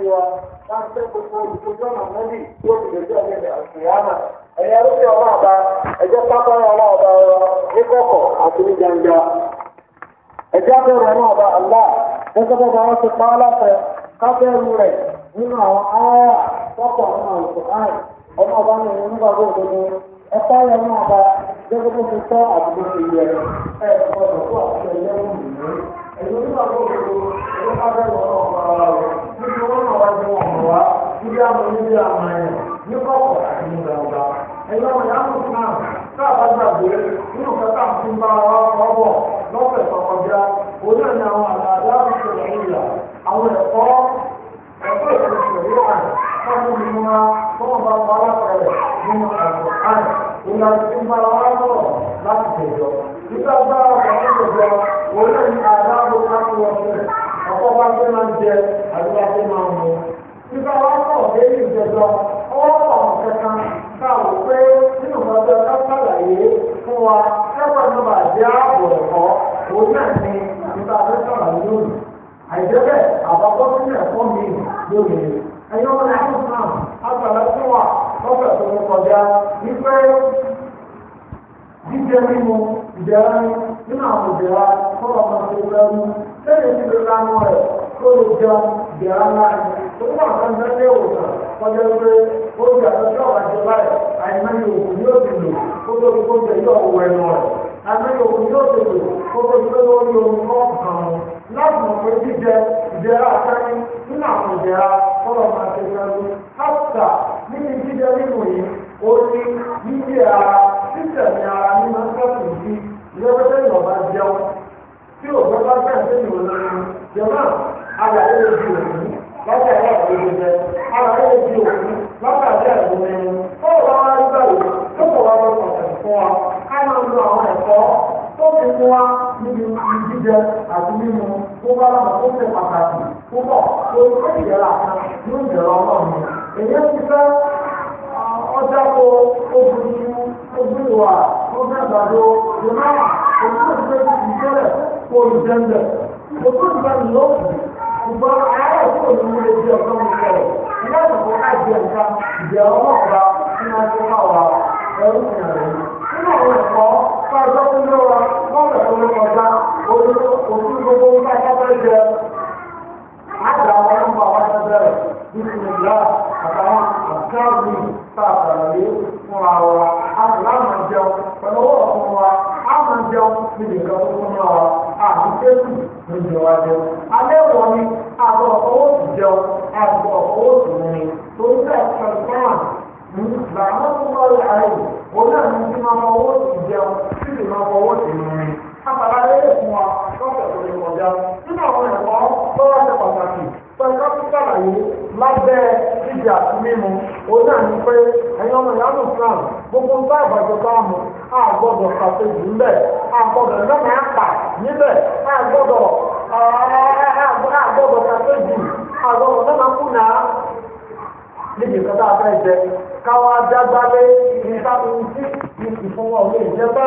sí wa ká fẹ́ gbogbo olùkójú ọ̀nà ọba ẹ̀jẹ̀ pápá ọba ọ ní kọ̀kọ̀ àti ní gbangba ẹ̀jẹ̀ ọba ọba ẹ̀jẹ̀ wọn ti pa á láfẹ́ kábẹ́rù rẹ̀ nínú àwọn pọ́pọ̀ ọba ní nígbà gbogbo ẹ̀pá yẹn ọba ti tọ́ àdúgbò ti níbi wọn náà wájú wọn mọ̀ wá níbi àwọn níbi àwọn ẹ̀yàn ní kọ̀kọ̀ àti ní gbàgbà ẹ̀yìn ọmọ ìyá mú fún àwọn káàbá gbàgbé nínú kẹta fún bá wa ọbọ̀ lọ́fẹ̀ẹ́ kọkọjá oní ẹ̀yìn àwọn àgbàdo àbúṣe ìyà àwọn ẹ̀kọ́ ẹ̀kọ́ ìṣẹ̀lẹ̀ ìyà káwọn ní wọn wọn bá wọn alápẹ̀rẹ̀ nínú àgbọ̀ àyè ìyá tó ń bá wa lọ́rọ̀ láti tẹ̀jọ́ nígbà gbára wọn àkọ́kọ́ tó máa ń jẹ àdúrà tó máa ń mu. Nígbà wá pọ̀ pé ìjọba ọwọ́ pọ̀ kankan ká wò pé nínú ọjọ́ ká sàlàyé fún wa kẹ́kọ̀ọ́ ní bàá jẹ́ ààbò ẹ̀kọ́ òun náà ni nígbà tó sàlàyé lónìí. Àìjẹ́ bẹ́ẹ̀ àbábọ́ sínú ẹ̀kọ́ mi lónìí. Ẹ̀yin ọmọ náà fún náà àgbàlá fún wa lọ́fẹ̀ tó ń kọjá wípé sẹ́yìn ti bẹ̀rẹ̀ lánà rẹ̀ tó lè jẹun ìyàrá náà tó ń bá nǹkan náà kọjá pé ó ti àtọ́jú àwọn àjọba rẹ̀ àìmọye òògùn yóò ti lò kó tó ti kóúnjẹ yóò wọ ẹnu rẹ̀ àìmọye òògùn yóò ti lò kó tó ti lórí ohun tó ń láti mọ̀ pé jíjẹ ìjẹra àtẹ́yìn nínú àwọn ìjẹra tọ́lọ̀ máa ṣe sẹ́yìn káàkà níbi jíjẹ nínú yìí ó ní yíyí ara títẹ̀mí ara nínú sẹ́kùn sí ìrẹ́pẹ́tẹ́ tí òkú bá fẹ́ sínú jọ̀mọ́ àgbàdo lè di òkú lọ́sẹ̀ náà lè di jẹ àgbàdo lè di òkú lọ́sẹ̀ àti ẹ̀kú mi ó wà wá rí báyìí tó kò wá lọ́sọ̀ ẹ̀kọ́ wa ká máa ń lo àwọn ẹ̀kọ́ tó fi mú wa níbi jíjẹ àti mímu tó bá lọ́mọ tó fẹ́ pàtàkì púpọ̀ tó tó ìjẹ́ra kan ní ìjẹ́ra ọlọ́run èyí ti fẹ́ ọjà kó obìnrin obìnrin wà ó fẹ́ gbàdo jọ̀mọ́ òun tó ti fẹ́ ti ìjẹ́rẹ̀ olùdẹ́ndẹ̀ òtún ìgbà lọ ṣùgbọ́n ààrẹ tó o ní lè di ọ̀gá mi sọ̀rọ̀ ìyá ìdìbò àjẹ nǹkan ìjẹ ọlọ́ọ̀gá ní ọjọ́ náà wà ẹrú ìyàrá yìí nínú àwọn ẹ̀kọ́ fún ọjọ́ tó lé wa bọ́ọ̀lù tó lé kọjá òtún gbogbo nípa ìjábẹ́ jẹ àgbà wọn ń bọ̀ wọn ṣẹlẹ̀ bísímìlá àtàwọn àkáàbì tá a sàlàyé fún wa wa a jẹun pẹ̀lú ọ̀fun wa ń jẹun níbi nǹkan tó fún wa àti tẹ́kù ló ń jẹun ajẹun. alẹ́ wọ̀ ni àbọ̀ owó ti jẹun àbọ̀ owó ti mú ni torí bẹ́ẹ̀ transparent làwọn tó bá rẹ̀ ààyè òun náà ní kí máa fọwọ́ ti jẹun kí sì máa fọwọ́ ti mú ni. àbàlá lè fún wa lọ́sẹ̀ tó lè kọjá nínú àwọn ẹ̀kọ́ tó wá ṣe pàtàkì pẹ̀lú kápítàlà yìí lábẹ́ jíjà mímu òun náà ní pé ẹ̀yin ọmọ ìyá nù fún àwọn gbogbo ń bá ìbàjọ́ bá mu gbọ́dọ̀ ṣàkóso ńbẹ̀ a gbọ́dọ̀ lọ́nà àpà níbẹ̀ a gbọ́dọ̀ a gbọ́dọ̀ ṣàkóso a gbọ́dọ̀ lọ́nà kùnà níbi ìkọ́tà abẹ́ jẹ káwá dágbálé ìta ìrìntí ìfowó ọ̀lẹ́ ìjẹba.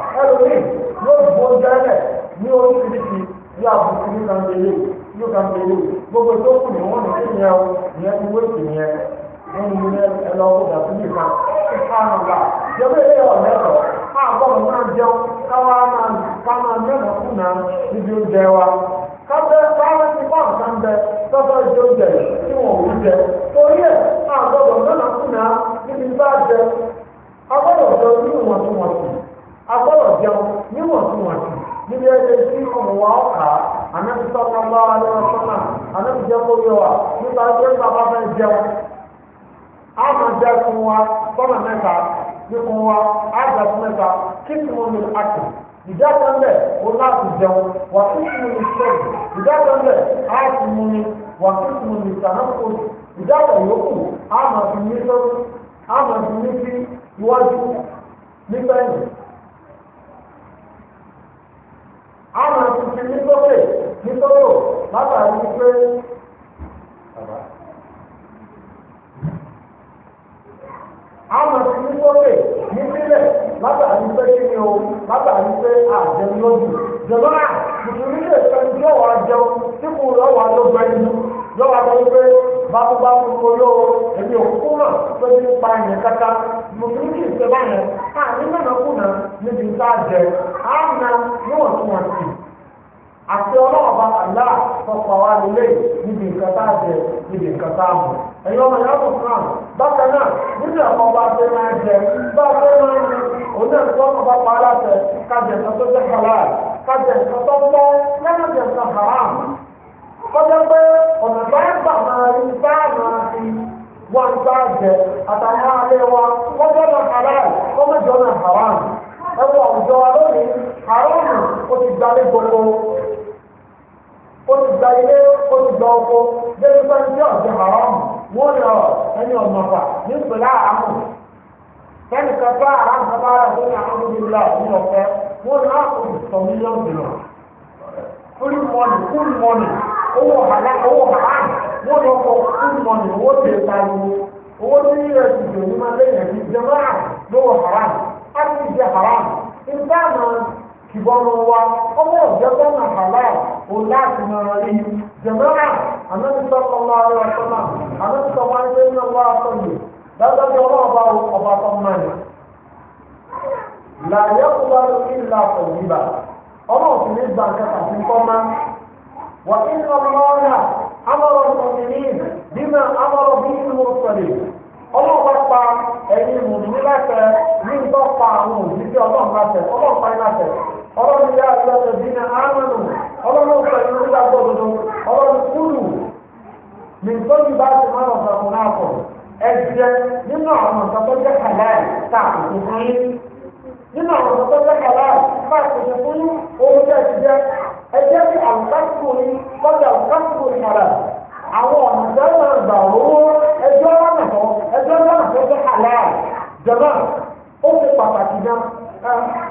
ẹlòmíì yóò bó jẹ́lẹ̀ ní oríṣiríṣi ní àbùkù ní kàńtẹ́lẹ̀ ní gbogbo tó kù ní wọ́n ní kí ni ẹ ìyẹn ti wé ya wọ́n ní ilé ẹlọ ọgbà tó ní gbà jẹ́wọ́ ilé máa jẹun káwá máa ká máa mẹ́rin fún náà níbi oúnjẹ wa ti oúnjẹ tí wọ́n ò jẹ agbọ́dọ̀ jẹun níwọ̀ntúnwọ̀nsì níbi ẹgbẹ́ tí ọmọ wa ọ̀kà anábì sọ́kà bá wa lé wọn sọ́nà anábì jẹ́ kó yẹ wa nípa ẹgbẹ́ nípa bá fẹ́ jẹun á mọ jẹ́ fún wa sọ́nà mẹ́ta ní fún wa á jẹ́ fún mẹ́ta kí ni mo lè àtẹ̀ ìjà kan bẹ̀ ó láti jẹun wà kí ni mo lè sọ̀rọ̀ ìjà kan bẹ̀ á ti mú mi wà kí ni mo lè sànáfò ìjà kan yòókù á mọ̀ sí ní sọ́rọ̀ á mọ̀ sí ní sí iwájú nígbà yìí. ti fi ní sókè ní sókò látàrí pé àmọ̀ ti ní sókè ní sílẹ̀ látàrí pé kí ni o látàrí pé àjẹun lójú jọlọ́à mùsùlùmí lè fẹ́ ní jẹun tí kò lọ́wọ́ bákúbákú èmi náà pa a jẹ àmọ́ àti ọlọ́ọ̀bá àlá ọ̀pọ̀ wa lélẹ̀ níbi nǹkan tá a jẹ níbi nǹkan tá a mọ̀. ẹ̀yin ọmọ ìyá ọ̀sán náà bákan náà nínú ẹ̀kọ́ bá a fẹ́ máa jẹ bá a fẹ́ máa mu òun náà tí wọ́n kọ́ bá pa aláṣẹ kájẹ nǹkan tó jẹ́ halal kájẹ nǹkan tó pọ́ lẹ́nu jẹ nǹkan haram. kọjá pé ọ̀nà bá ń gbà máa rí bá a máa fi wá ń bá a jẹ àtàwọn alẹ́ wa wọ́n jẹ́ náà halal wọ́n mọ̀ jọ náà haram ó ti gba ilé ó ti gba oko débi pé ní ọ̀sẹ̀ haram wọ́n ní ọ̀ ẹni ọ̀nà fà ní ìpínlẹ̀ àmú sẹ́ni kẹfẹ́ àrùn kẹfẹ́ àrùn tó ní àwọn ọmọdé ńlá ní ọ̀fẹ́ wọ́n ní àkókò ah, sọ mílíọ̀nù dìrọ̀ fúlì mọ́nì fúlì mọ́nì owó hàlá owó hàlá wọ́n ní ọkọ̀ fúlì mọ́nì owó tẹ̀ pariwo owó tí yíyẹ ti dùn ní ma lẹ́yìn ẹ̀dí lówó haram á jẹ haram ìgbà náà ìbọ̀rọ̀ wa ọmọ ọ̀jọ́ gbọ́nà àlá òun láti máa rí jẹ̀mọ́rà ànábìsọ ọmọ àrẹ ọ̀sọ́nà ànábìsọ máa ń nke ní ọwọ́ àtọ́yè dájọ́jọ́ ọmọ ọba ọba tó máa ní. làyẹ̀ kúlọ̀ lórí ìlà àtọ̀yìnbà ọmọ ọlọ́run yá àti ọ̀sẹ̀ bí ní àmàlù ọlọ́run ọ̀sẹ̀ ní orí àgbọ̀ tuntun ọlọ́run kúlù ní tóbi bá ti máa ọ̀sẹ̀ fún náà pọ̀ ẹ jẹ nínú àwọn ọ̀sẹ̀ tó jẹ́ kàláì tá a kò fún yín nínú àwọn ọ̀sẹ̀ tó jẹ́ kàláì tá a kò fún yín owó tẹ̀ ti jẹ́ ẹ jẹ́ kí yín kọ́jà àlùkásìkò yín padà àwọn ọ̀nà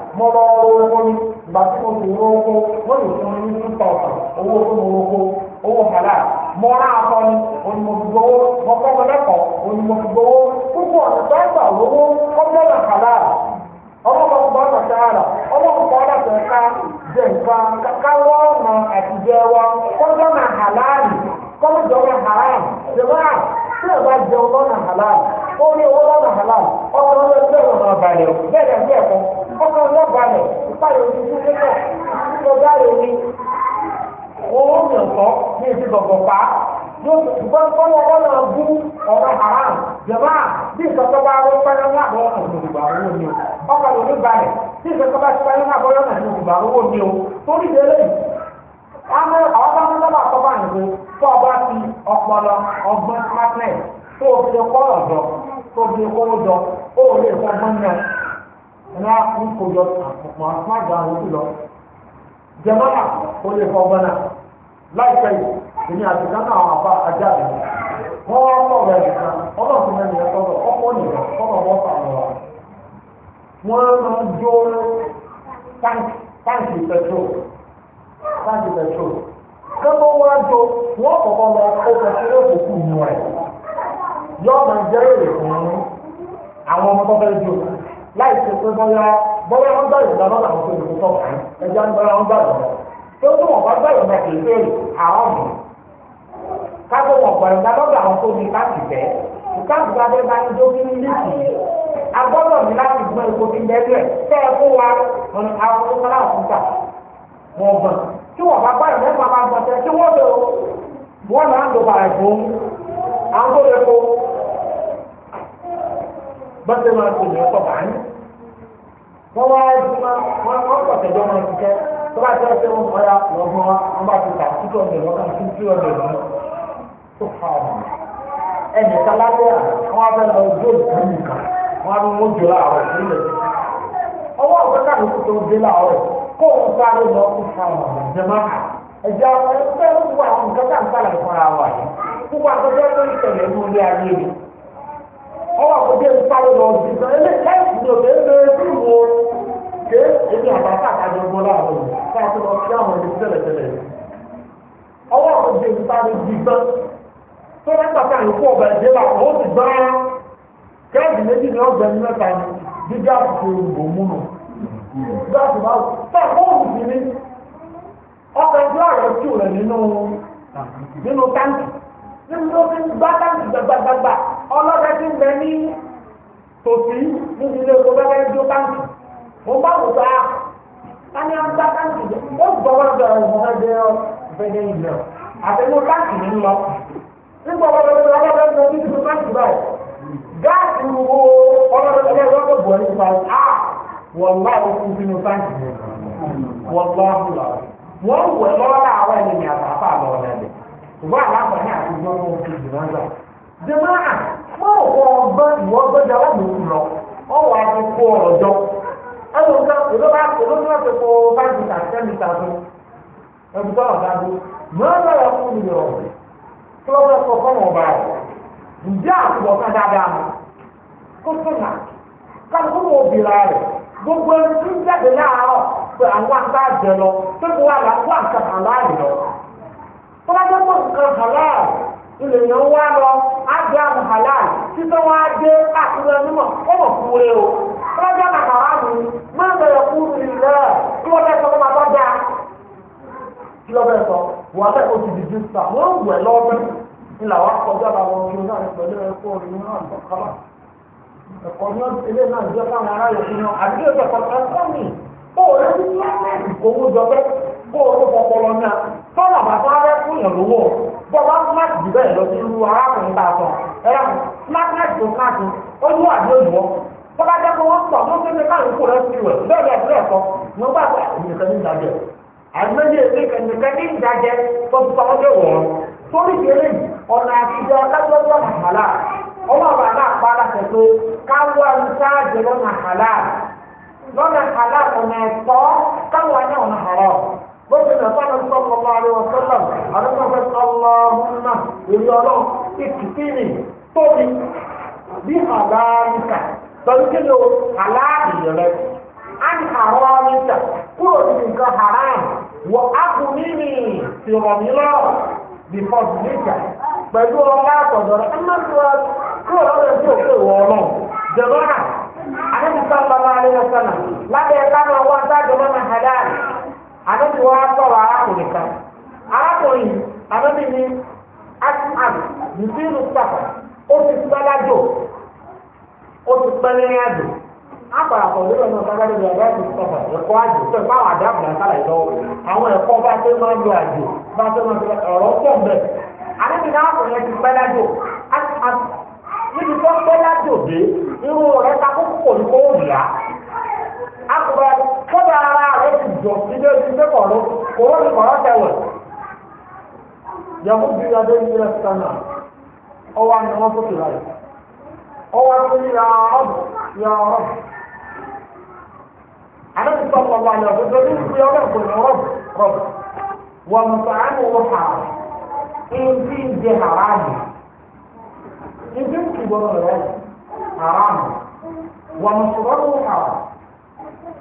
mo lọ owó ní ìgbà tí mo sì ń owó wọ́n lè fún mi ní two thousand owó tó mo owó owó kàlá mo rà aṣọ ni onímọ̀tìgbowó mo kọ́ mo lẹ́kọ̀ọ́ onímọ̀tìgbowó púpọ̀ nípa ìgbà owó ọmọlá kàlá ọmọkùnkùn ọ̀nà sáárà ọmọkùnkùn ọ̀nà sẹ̀ka jẹ̀ nǹkan káwọ́ ọ̀nà àtijọ́ wa kọ́jọ́ na halal kọ́jọ́ na haram ṣèwọ́n tí o halal ó ní owó lọ́nà halal ọ̀nà ọ̀nà ọkọ̀ ọlọ́balẹ̀ ìpàdé omi tó lé náà nígbà báyìí omi wọn ó yàn sọ ní èdè gbọ̀gbọ̀ pa yóò ṣùgbọ́n kọ́lọ́ ọlọ́ bú ọ̀rọ̀ haram jẹ̀má bí ìsọ̀tọ́ bá wọ́n pẹ́lú láàbọ̀ ọ̀nà ìgbà owó ni o ọkọ̀ lómi balẹ̀ bí ìsọ̀tọ́ bá ti pẹ́lú láàbọ̀ ọ̀nà ìgbà owó ni o torí délé àmọ́ àwọn bá ń lọ́wọ́ àkọ́bá nìkan tó ọba ti ọpọlọ ọgbọ́n smartness tó o fi kọ́ ọ̀dọ́ tó o fi kọ́ ọ̀dọ́ ó lè fọgbọ́n náà ẹ̀rọ ìkójọ àpòpọ̀ àtúmájà àwọn òbí lọ. jẹ̀mọ́nà ó lè fọ ọgbọ́n náà láìpẹ́ yìí èmi àti gánà àwọn àbá ajá mi wọ́n sọ̀rọ̀ ẹ̀ nìkan ọlọ́sùn mẹ́rin ẹ̀ sọ̀rọ̀ ọkọ̀ nìkan ọmọ wọn wọn á jó wọ́n láì ṣe pé bọ́yá bọ́yá wọ́n gbà yọ̀ǹda lọ́dọ̀ àwọn tó lòótọ́ kàn ẹja ń bọ́yá wọ́n gbà yọ̀ǹda tó tó wọ́n bá gbà yọ̀ǹda kì í bẹ́ẹ̀ àwọn mọ̀ káko wọ́n gbà yọ̀ǹda lọ́dọ̀ àwọn tó ní káàkiri bẹ́ẹ̀ káàkiri bá bẹ́ẹ̀ bá ń dó kí ní lẹ́sì agbọ́dọ̀ ní láti gbọ́ epo tí bẹ́ẹ̀ tẹ́ ẹ fún wa àwọn tó kọ́lá bọ́sẹ̀ máa tó yẹn kọ́ bàánú. wọ́n wá ẹ̀dùnmá wọ́n pọ̀tẹ̀jọ́ máa tó bá tẹ́ wọn kọ́ra lọ́gbọ́n wa wọ́n bá ti tà títí ọ̀dẹ̀ wọn kà tó ẹnì kálábẹ́ à wọ́n lọ ojú òkú nìkan wọ́n á ní wọ́n jọ àwọ̀ sílẹ̀ ọwọ́ láàárọ̀ kó ọwọ́ àkójọ ìpàdé lọ sí ìgbà ilé kẹ́ẹ̀sì ní òkè ń bẹ̀rẹ̀ sí ìwò ké èmi àtàkà àtàjọ gbọ́ láàrin káàkiri ọ̀sẹ̀ àwọn ẹni tẹ́lẹ̀ tẹ́lẹ̀ ọwọ́ àkójọ ìpàdé di gbọ́ tó bá gbàgbà ìkú ẹ̀jẹ̀ ó ti kẹ́ẹ̀sì méjì ní mẹ́ta ni múnú tó ọlọ́dẹ ti ń bẹ ní tòsí níbi ilé oko bẹ́ẹ̀ bí ó káńtì mo bá wù bá káni á ń gbá káńtì jẹ ó gbọ́ wọ́n bẹ̀rẹ̀ ìmọ̀ náà jẹ́ ọ̀fẹ́dẹ́ ìlẹ̀ àtẹnu káńtì ní lọ nígbà wọ́n bẹ̀rẹ̀ ìmọ̀ náà bẹ̀rẹ̀ ìmọ̀ nínú káńtì báyìí gáàsì wo ọlọ́dẹ ti lẹ́yìn lọ́dọ̀ bọ̀ nípa á wọ́n bá wọ́n fún sínú káńtì wọ́n bá wọ́n wọ̀ lọ́wọ́ jẹmáà mọ́ ọ̀pọ̀ ọgbẹ́ ìwọ gbẹ́jà wà ló ń lọ ọwọ́ akókó ọ̀rọ̀ jọ ẹnu nǹkan olóba olóbi wọn ti kó five mita ten mita tó ẹbí tó ọ̀gá tó mìíràn náà yà fún mi rọ̀ kí wọ́n fẹ́ sọ fọ́nà ọba rẹ̀ ǹjẹ́ àtúbọ̀ ká dáadáa mọ́ kó tó nà káàkó mọ̀ òbíra rẹ̀ gbogbo ẹni tó ń jáde láàárọ̀ pé àwọn àgbà jẹ lọ pé kó wà láǹkà àláàlì lọ. tọ́lájọ́ pọ̀ nǹkan àláàlì ilẹ̀ yẹn wá lọ ájọ àwọn halal títọ́ wọn á dé àtúnyẹ mímọ̀ ó mọ̀ fún o lọ́jọ́ kàkàrà mi máa bẹ̀rẹ̀ fún mi lẹ́ kí wọ́n fẹ́ ma tọ́ kí lọ́ bẹ́ẹ̀ sọ wọ́n fẹ́ kó ti di sà wọ́n ń wẹ̀ lọ́ọ́bẹ̀ wa náà pẹ̀lú ẹ̀kọ́ ẹ̀kọ́ ní bọ́lá smack jù bẹ́ẹ̀ sí irú arákùnrin bá a sọ ẹ̀rọ smack náà tó smack ó ní wà ní òyìnbó bọ́lá jẹ́ pé wọ́n pọ̀ wọ́n fi ní kó lọ sí ìwẹ̀ bẹ́ẹ̀ bẹ́ẹ̀ bẹ́ẹ̀ kọ́ mo gbà pé nìkan ní ìdájẹ́ àìmọye nìkan ní ìdájẹ́ tó ti sọ ọdẹ wọ̀ torí kéré ọ̀nà àtijọ́ kájọ́ tó ọmọ bàbá àpárá tẹ̀sọ́ káwọ́ àlùsáàjẹ́ lọ́nà hàlà lọ́nà hàlà ọ̀nà ẹ̀tọ́ káwọ́ àná ọ̀nà hàlà gómìnà sábà ń sọ̀rọ̀ bá rẹ̀ wọ́n sọ́tà àdókòfẹ́ sọ́lọ́mùnà èyí ọlọ́run ìkìtìnì tóbi bí àlàáríkà pẹ̀lú kí ló àlàáríkà rẹ̀ á ní àwọn kúrò níbi nǹkan haram wọ akùnínì tìrọ̀mílọ́ bìfọ̀dùnìkà pẹ̀lú ọlá àtọ̀dọ̀ rẹ̀ ẹ̀ má kúrò lọ́dọ̀ tí ò pé wọ́ ọlọ́run jẹ̀mọ́nà àdébùsọ̀ lọ́wọ́ alẹ́ lọ́sọ̀nà lábẹ́ ẹ̀ ká máa wá àdébí wa sọ̀rọ̀ arákùnrin kan arákùnrin yìí àdébí ni asihan nìbíru sàfà o ti pẹ́ lájò ó ti pẹ́ lẹ́yìn àjò àpàràpọ̀ lórí ọ̀nà sábàdé ní ọ̀dọ́ ti sọ̀rọ̀ ẹ̀kọ́ àjò ma ti níbi tó dé irú kò ní kó wù yá kọ́ba ara rẹ̀ ti jọ ilé oṣù tó kọ̀ ló owó ti kọ̀ ọ́ tẹ̀wẹ̀. yàgò bí adé ní ilé sànà ọwọ́ àná wọn sókè láyé ọwọ́ àti yà ọ̀bù yà ọ̀bù. àná ti sọ̀kọ̀ wà ní ọ̀bù tó ní ìpínlẹ̀ ọ̀bù ní ọ̀bù ọ̀bù wọ́n mú sọ àánú wọ́n hà ìdí ìdí haramu ìdí ìdí ìgbọ́n rẹ̀ haramu wọ́n mú sọ̀rọ̀ wọ́n haramu.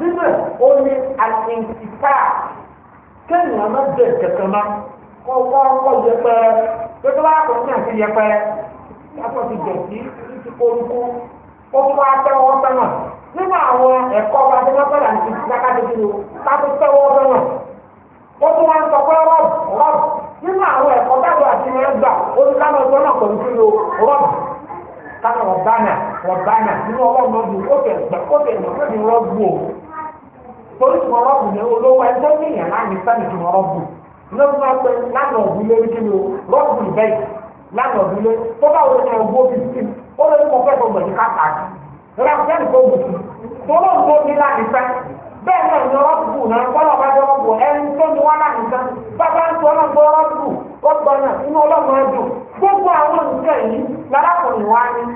nínú onye ó ní àtìǹtìká kéèyàn má dé kẹ̀kẹ́ má kọ́ kọ́ yẹpẹ́ pẹ̀lú àkọ́kọ́ náà ti yẹpẹ́ yàtọ̀ ti dọ̀tí ti korúkú ó tún wá nínú àwọn ẹ̀kọ́ wa tí wọ́n fẹ́ràn ti dáká dúró ká tó ó tún wá ń sọ pé rọ́ọ̀bù rọ́ọ̀bù àwọn ẹ̀kọ́ àti gbà ó ká pẹ̀lú kí rọ́ọ̀bù torí tí wọn rọ́ọ̀bù ní olówó ẹjọ́ níyàn náà ní sẹ́ni tí wọn rọ́ọ̀bù lọ́wọ́ máa pẹ́ lánàá òbílé ní kíni o rọ́ọ̀bù ìbẹ́yì lánàá òbílé tó bá wọlé náà owó bíi sí ó ní tó gbẹ̀dí káàkiri rẹ̀ tó ní bẹ́ẹ̀ náà ní náà kọ́lọ̀ bá ẹni tó ní bàbá ń náà gbọ́ ó gbọ́ náà inú gbogbo àwọn nǹkan yìí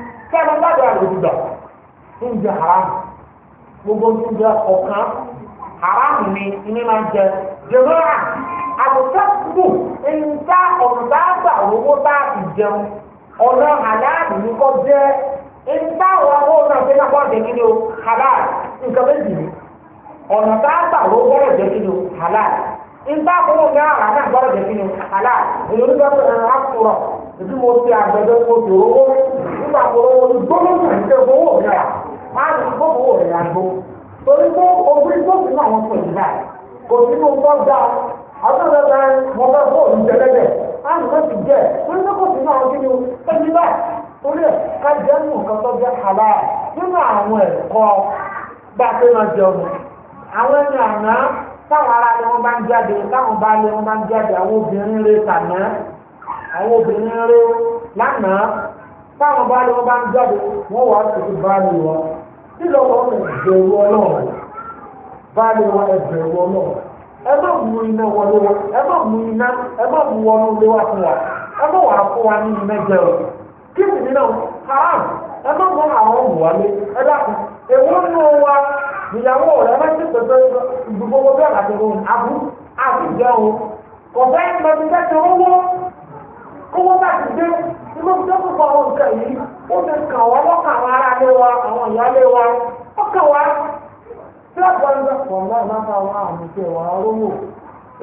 haramu ni ní máa jẹ jẹmọ́ra àbùtẹ́kù níta ọ̀dà àgbà owó bá ti jẹun ọ̀nà àlàáfù ní kò jẹ́ níta àwọn owó náà ṣe náà bọ́ọ̀dé ni o halal nǹkan méjì ni ọ̀nà tá owó bọ́ọ̀dé ni o halal níta owó náà àlàáfù bọ́ọ̀dé jẹ́ kí ni o halal èyí ló dọ́kọ̀ ẹ̀rọ àkùrọ̀ èdè mo ti àgbẹ̀dẹ mo ti owó nígbà mo lọ́wọ́ gbọ́dọ̀ torí pé obìnrin tó sì ní àwọn tó ìgbà kò sí ní ọgbọ́n dá àtúntò ẹ̀ mọ̀ fẹ́ fóònù jẹlẹ́dẹ̀ láti fẹ́ ti jẹ́ torí pé kò sí ní àwọn kíni ẹni báyìí torí ẹ̀ ká jẹ́ nù nǹkan tó jẹ́ àlá nínú àwọn ẹ̀kọ́ bá a pé máa jẹun àwọn ẹni àná táwọn ará ni wọ́n bá ń jáde táwọn bá lé wọ́n bá ń jáde àwọn obìnrin rẹ̀ tàná àwọn obìnrin rẹ̀ lánàá táwọn bá lé wọ́n bá ń jáde wọ́n wà á tètè bá lè wọ́n. kí lọ́wọ́ ẹ̀bẹ̀rù ọlọ́run bá lè wá ẹ̀bẹ̀rù ọlọ́run ẹ má mú iná wọlé wa ẹ má mú iná ẹ má mú lé wa fún wa ẹ má fún wa ní iná jẹ o kí ni nínú haram ẹ má mú àwọn ọmọ wọlé ẹ dákun èwo nínú wa ìyàwó rẹ má ti pèsè ìdúgbò gbogbo àti ìròyìn àbú o kò fẹ́ kówó bá ti dé inú tó kó fún àwọn nǹkan yìí ó ti kàn wá lọ́kàn àwọn aráalé wa àwọn ìyáálé wa ó kàn wá tí wọ́n gbọ́dọ̀ nígbà pọ̀ náà máa fa àwọn àmì tí ẹ̀wà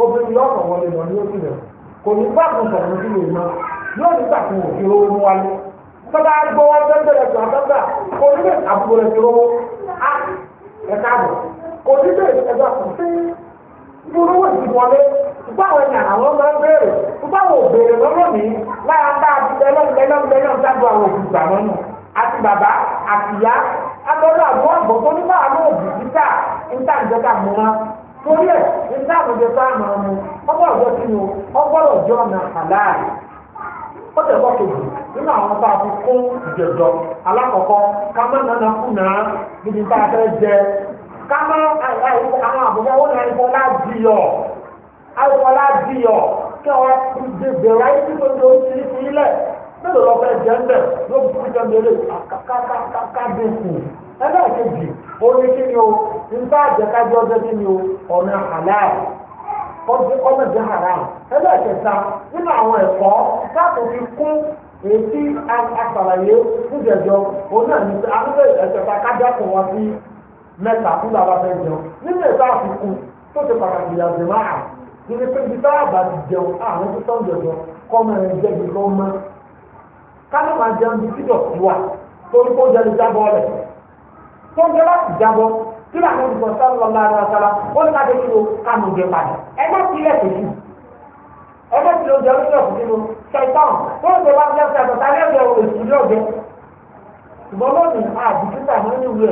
obìnrin yóò kàn wọlé lọ ní oṣù rẹ̀ kò ní bá sọ̀rọ̀ sí lè mọ yóò ní gbà òkè owó mú wálé tọ́ba gbọ́ wọn tó irú òsì wọlé báwo ni àwọn máa ń béèrè báwo béèrè lọ́rọ̀ mi lára tá a ti bẹ́lẹ̀ bẹ́lẹ̀ bẹ́lẹ̀ àwọn àti bàbá àti ìyá tó òbí títà níta ìjọba mú wọn torí ẹ̀ níta àwùjọ àmọ́ ọmọ ọgbọ́n ọjọ́ ọgbọ́n ọjọ́ ọ̀nà ó tẹ̀ nínú àwọn a fi kún ìjẹ̀jọ́ alákọ̀ọ́kọ́ ká má nana kámá àwọn àbúrò wọn náà ìfọlá dìyọ àìfọlá dìyọ kí wọn bèbè ráyé tí tó ń lo ti fi lẹ mélòó ló fi fi jẹun lélẹ kákákákákábíkù ẹlẹ́ẹ̀kejì orí kí ni o nípa àjẹkájọ kí ni o ọmọ nínú àwọn fi èyí tí a ṣàlàyé fún jẹjọ òun náà ní àwọn kò sí. mẹ́ta fún bàbá fẹ́ jẹun nínú ètò àfikún tó ṣe pàtàkì ìyàgbé máa níbi pé ibi táwọn àbá ti jẹun àwọn tó sọ̀rọ̀ jọjọ kọ́ mọ́ ẹni jẹ́ ibi tó mọ́ kánú máa jẹun bí kíjọ sí wa torí kó jẹ́ ní jábọ́ rẹ̀ tó ń jẹ́ láti jábọ́ kí làwọn olùkọ́ sọ́ọ́ lọ́la ara sára ó ní káde kí ló kánú jẹ padà ẹgbẹ́ tilẹ̀ tó yù ẹgbẹ́ tilẹ̀ oúnjẹ oúnjẹ ọ̀sùn nínú ṣẹ̀tàn tó ń sọ wá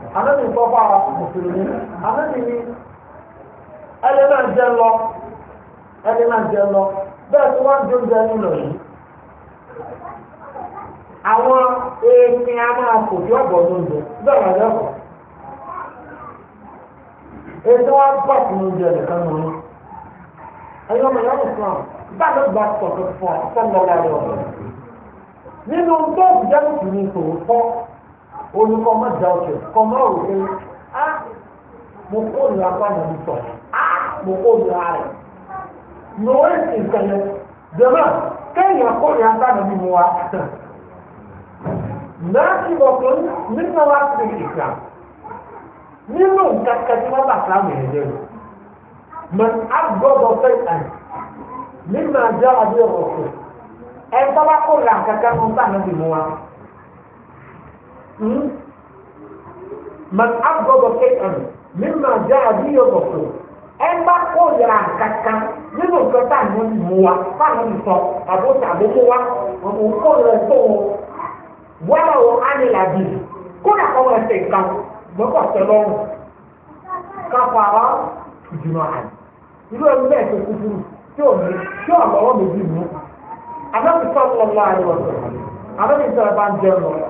anábì ń tọ́pọ̀ àwọn mùsùlùmí anábì ni ẹni náà jẹ́ lọ ẹni náà jẹ́ lọ bẹ́ẹ̀ tí wọ́n jẹ́ oúnjẹ nínú yìí àwọn èèyàn a máa kò tí ọ̀bọ̀ lóúnjẹ bẹ́ẹ̀ wọ́n lẹ́kọ̀ọ́ ètò wọn pọ̀ fún oúnjẹ nìkan nù ní ẹ̀yọ́ mi yọ̀ fún ọ báyọ̀ gba sọ̀tọ̀ fún ọ sọ́nà ọ̀la rẹ̀ ọ̀rọ̀ nínú tó jẹ́ mùsùlùmí kò fọ́ olùkọ́ ọmọ ìjà ọ̀sẹ̀ kọ́ mọ́ òwò pé á mo kó ìlú apá mi ní sọ á mo kó ìlú ààrẹ lọ́wọ́ èsì ìkẹyẹ jẹ́mọ́ kéèyàn kó ìlú apá mi mú wa láti bọ̀kún nínú wa ti ìgbà nínú nǹkan kẹtí wọn bá sá mi ẹ̀jẹ̀ rẹ̀ mẹ agbọ́dọ̀ fẹ́ ẹ̀ nínú àjọ àbí ọ̀rọ̀ fún ẹ̀ kó ìlú àkàkẹ́ fún sáà níbi mú wa. Hmm? man abgọbọ kékan mímọ ajá àbíyọ bọkọ ẹ kó yàrá kankan nínú nǹkan tá à ń mú wa tá ọmọ nǹkó rẹ tó o wẹ́rọ o ánìlà bì kódà kọ́ wọn nǹkan gbọ́kọ̀ tẹ lọ́rùn káfa wa ìdùnnà àyè irú ẹni bẹ́ẹ̀ tó kúkú tí ò ní tí ò lọ́wọ́ méjì mú àbẹ́bí sọ́ọ́ lọ́wọ́ àyè wọ̀ sọ̀rọ̀ àbẹ́bí sọ̀rọ̀ bá ń jẹun lọ́wọ́.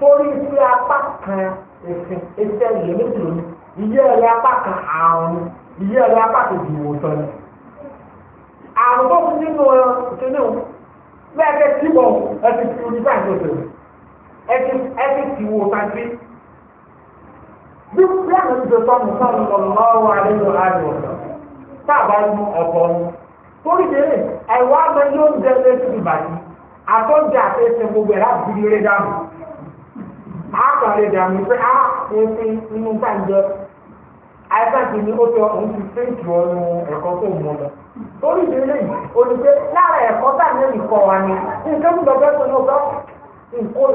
torí sí apá kan ẹ̀sìn ẹsẹ̀ ìyẹn méjì lónìí ìyẹ́ ẹ̀rẹ́ apá kan àrùn ìyẹ́ ẹ̀rẹ́ apá kan ìwòsàn ni. àrùn tó kú nínú ìṣẹ́ni uh, òun bẹ́ẹ̀ kẹ́ tí wọ́n ẹ̀sìn ti ojú bá ìjọ sọ̀rọ̀ ẹ̀sìn ti wòsàn sí. bí bíyànjú ti sọ mú sọ́nù ọ̀lọ́wọ́ àdéhùn àdéhùn táàbà inú ọ̀pọ̀ ọ̀hún. torí délé ẹ̀wọ́ àgbẹ̀ yóò ń jẹ́ lẹ́sìn ìbàdí àtọ́jà àti ẹsẹ̀ gbogbo ẹ̀ láti fi lé dànù. àkàlẹ̀ dàmú pé á ah, ẹ̀sìn nínú gbàǹjẹ́ àìsàkì ni ó fi ọkùnrin ti fẹ́ǹtì ọ̀nù ẹ̀kọ́ tó mọ̀ lọ. torí ìdílé yìí olùgbé lára ẹ̀kọ́ wa ni nǹkan tó tó àgbò ṣùgbọ́n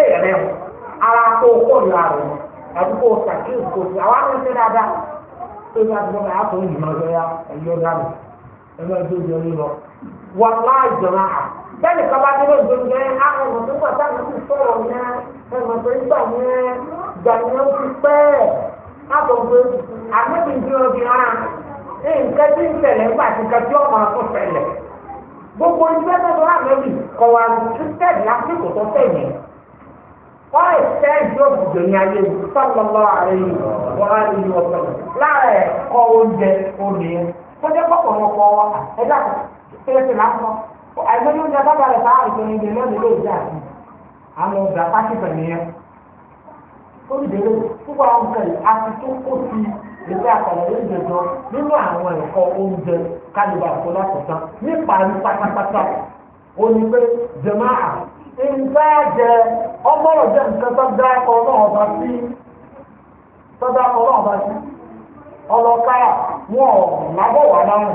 rẹ̀ ara kó dáadáa tó àdúgbò náà á wàlá ìjọba à bẹ́ẹ̀ni kaba dé lóde yẹn wà ti sọ̀rọ̀ yẹn ọmọdé gbà yẹn ti pẹ́ ń tẹ̀lé ńgbà tí t'i ọmọ tẹ̀lé gbogbo ìgbẹ́ kọ̀ tẹ̀lé tó tẹ̀lé wọ́n lè tẹ́ ìjọ òbùdó ní ayé sọ́lọ́lọ́ àárín wọ́n láàrẹ̀ kọ́ oúnjẹ kéèké lásán àìsàn yóò jẹ bàbá rẹ sáà ìpinnu ìdè náà lè jẹ àti àwọn ọgbà pàṣípẹ nìyẹn ó ti dèrò púpọ̀ àwọn nǹkan yìí àti tó kó sí ètò àkàlà yóò jẹ jọ nínú àwọn ẹ̀kọ́ oúnjẹ kálíbà fún lásìkò nípa ní pátápátá ó ní pé jẹmọ́ à nǹkan àjẹ ọgbọ́rọ̀ jẹ nǹkan tó dá ọkọ náà ọba sí tó dá ọkọ náà ọba sí ọlọ́kà wọn ò lábọ̀ wà lárùn.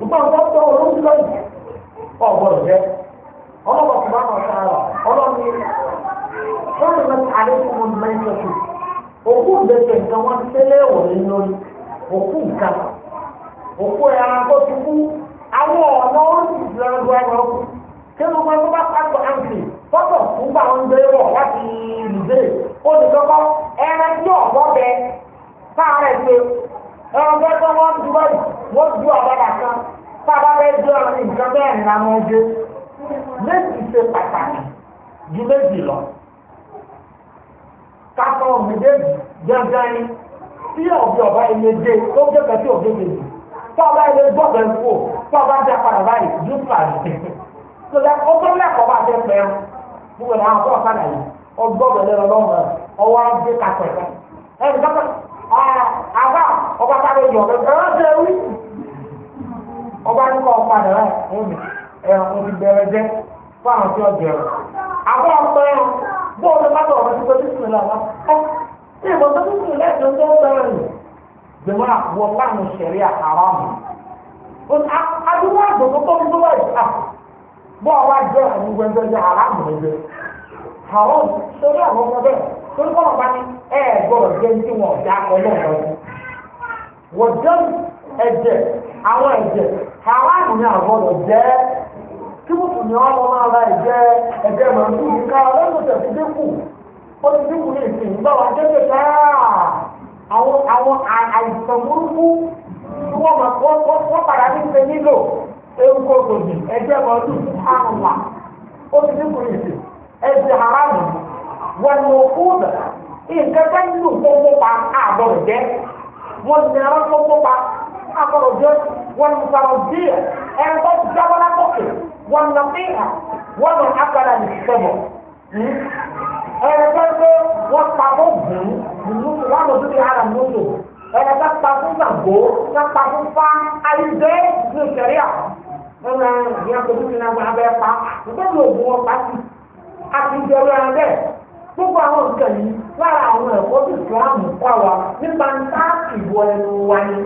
ṣùgbọ́n òkú ìgbésẹ̀ nǹkan wọn tẹ́lẹ̀ wọ̀nyí lórí òkú nǹkan òkú ẹran tó ti kú àwọn ọ̀nà oríṣi ìlọ́dún ẹ̀rọ kí ló máa tó bá pàtó àǹtí fọ́tọ̀ fún bá wọn gbé wọ̀ láti ìlúdé olùdókọ́ ẹran tí ọ̀gbọ́ bẹ sáà rẹ̀ ẹran tó ẹgbẹ́ wọn ti báyìí wọ́n ju àbára kan tá a bá fẹ́ jẹ́ ọ̀rọ̀ nǹkan bẹ́ẹ̀ ni àwọn ọjọ́ méjì ṣe pàtàkì ju méjì lọ. Kásán méjèèjì jẹ́jẹ́ ni tí ọ̀bí ọ̀bá ilé dé tó jẹ́ kẹ́tí ọ̀bí méjì. Tó ọba ilé gbọ́dọ̀ ń kó tó ọba jẹ́ padà báyìí ju pàdé. Tòlẹ́ ó tó lẹ́kọ̀ọ́ bá jẹ́ pẹ́ gbogbo ní àwọn ọ̀sán náà yìí ọgbọ́dọ̀ lẹ́nu lọ́wọ́ ọwọ́ ajé kakọ̀ ẹ̀ka. Ẹ ọba sáré yọ ọbẹ ẹ ọsẹ wí ọba ní kọ padà rẹ ẹmí ẹ ọmọ ti bẹ̀rẹ̀ jẹ fún àwọn tí ó bẹ̀rẹ̀ àbọ ọpẹ ẹ bó o bá bọ ọbẹ tó tó sùn lọ wọn ẹ ṣé ìbọn tó tó sùn lẹ́sẹ̀ tó ń bẹ̀rẹ̀ nù jẹmọ àpò ọlànà ìṣẹ̀rí àkàrà mọ adúgbò àgbègbè tó ń dúró ìta bọ ọwọ́ àjẹ àdúgbò ẹgbẹ́ yẹ aráàmù ẹgbẹ́ àwọn sórí àwọn ọmọ bẹ́ẹ̀ torí kọ́ ni ẹ gbọ́dọ̀ jẹ́ ní tí wọn ò dá wọ̀dẹ́m ẹ̀jẹ̀ àwọn ẹ̀jẹ̀ aláàbò ní àgbọ̀dọ̀ jẹ́ kí mùsùlùmí ọmọ máa ra ẹ̀jẹ̀ ẹ̀jẹ̀ màálù yìí ká lọ́dún tẹ̀sí dínkù ó ti dínkù ní ìsìn ìgbà wà jẹ́jẹ́ káà àwọn àwọn àìsàn burúkú wọ́n máa wọ́n padà ní ṣe nílò ewúko gbòdì ẹ̀jẹ̀ màálù àrùnwà ó ti dínkù ní ìsìn ẹ̀jẹ̀ aráàlú wọ́n mọ̀ fún ìkẹ́kẹ́ nínú gbogbo pa àgbọ̀dọ̀ jẹ́ wọn lè ara tó kópa akọrọjọ wọn musaro díẹ̀ ẹnbọ jábọlá tókè wọn nà fíhà wọn nà akara ní sọmọ ẹnbọ tó wọn pàtó gùn nínú wọn lọ sí ara nínú ẹnbọ pàtó nàgbó nàpàtó fa àyíjẹ ní sẹríà wọn nà ní akọ̀tún ní nàgbà abẹ pa nígbà tó lò wọn pàtó àti lára àwọn ẹ̀kọ́ tó ìsìláàmù kọ́ wa nípa ńlá ìwọ ẹnu wa ni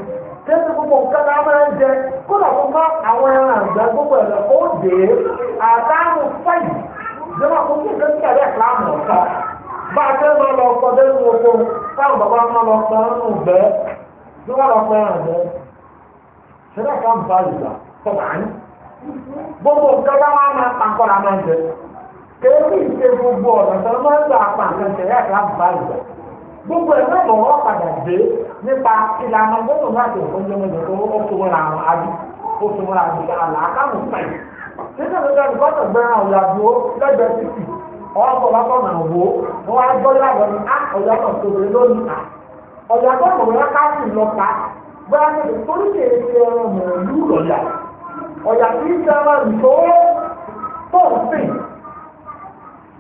kéde gbogbo nǹkan náà máa ń jẹ kódà fún bá àwọn ẹran àgbẹ̀ gbogbo ẹ̀rọ ó dé àdáhùn fẹ́yì jọba kó kí nǹkan tí ẹ̀rẹ́ ìsìláàmù ọ̀tọ̀ bá a fẹ́ máa lọ sọ dénú oko táwọn bàbá máa lọ sọ nínú ìgbẹ́ bí wọ́n lọ sọ ẹran àgbẹ̀ ṣẹlẹ̀ kan bá ìgbà tọ́ gbogbo nǹkan bá wà máa pàǹkọ́ra máa ń jẹ kéèmí ṣe gbogbo ọ̀nà tó máa ń gbà pa nǹkan ṣẹ̀yà kí á bá ìgbà gbogbo ẹ̀ náà mọ̀ wọ́n padà dé nípa ìlànà gbọ́dọ̀ náà tó ń yọ mọ́jọ tó ó tó mọ́ra àwọn àbí ó tó mọ́ra àbí àlàákàmù pẹ̀lú. títí ìlú kan ìfọ́tò gbẹ́ràn ọ̀yà dúró lẹ́gbẹ̀ẹ́ títì ọ̀pọ̀ bàbá náà wò ó wọ́n á gbọ́ yàgò ní á ah, ọ̀yà náà tó lé lónìí à. Ah. ọ̀yà tó mọ̀ wọ́n ká sì lọ pa bóyá ní torí kèrè ti ẹran mọ̀ lù lọ́yà ọ̀yà tí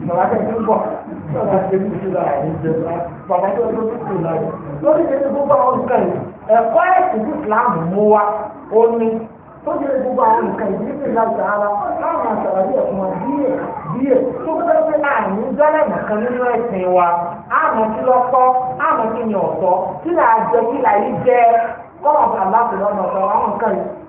ìgbàlá lórí ìdíje gbogbo àwọn nǹkan yìí ẹ̀kọ́ ẹ̀sìn tí ìsìláàmù mú wa ó ní tó ṣe gbogbo àwọn nǹkan yìí ní ìlà ìdára láwọn àṣàlàyé ẹ̀sìn wa díẹ̀ díẹ̀ tó fẹ́ fẹ́ láàrin jọ́lẹ̀ nìkan nínú ẹ̀sìn wa àmọ́ kí lọ́kọ́ àmọ́ kí ni ọ̀tọ̀ kí là á jẹ kí là á jẹ kọ́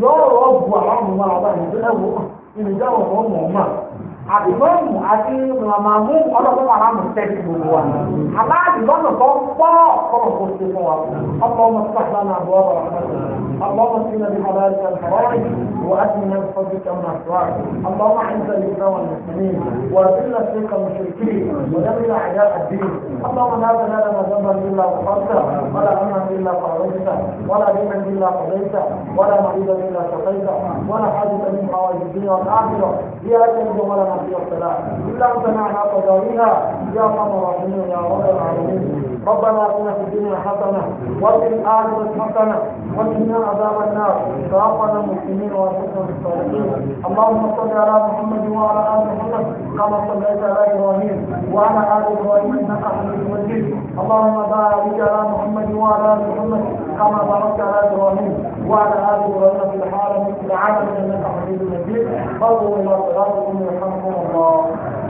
yọ̀ọ̀rọ̀ ọ̀gbù àwọn ọmọ àbáyé tó ẹ̀wọ̀ ìrìnjà ọ̀rọ̀ ọmọ ọmọ àdìgbọ́nù àti màmú ọlọ́pàá màmá mú sẹ́ẹ̀tì gbogbo wa àmọ́ àdìgbọ́nù tó pọ̀ kọ́rọ̀ kó tó fún wa ọ̀pọ̀ ọmọ sọ́kà náà bọ̀ ọ̀rọ̀ اللهم اغفر بحلالك الحرام واتنا بفضلك من اسرار اللهم اعز الاسلام والمسلمين واذل الشرك المشركين ودمر اعداء الدين اللهم لا بنا لنا ذنبا الا غفرته ولا امنا الا فرجته ولا دينا الا قضيته ولا مريضا الا شقيته ولا حاجه من حوائج الدنيا والاخره يا اجل جمالنا العافية والسلام الا على قضائها يا رب العالمين يا رب العالمين ربنا اتنا في الدنيا حسنه وفي الاخره حسنه وقنا عذاب النار توفنا المسلمين وانفسنا بالصالحين اللهم صل على محمد وعلى ال محمد كما صليت على ابراهيم وعلى ال ابراهيم انك حميد مجيد اللهم بارك على محمد وعلى ال محمد كما باركت على ابراهيم وعلى ال ابراهيم في العالم انك حميد مجيد فضل الى صلاتكم يرحمكم الله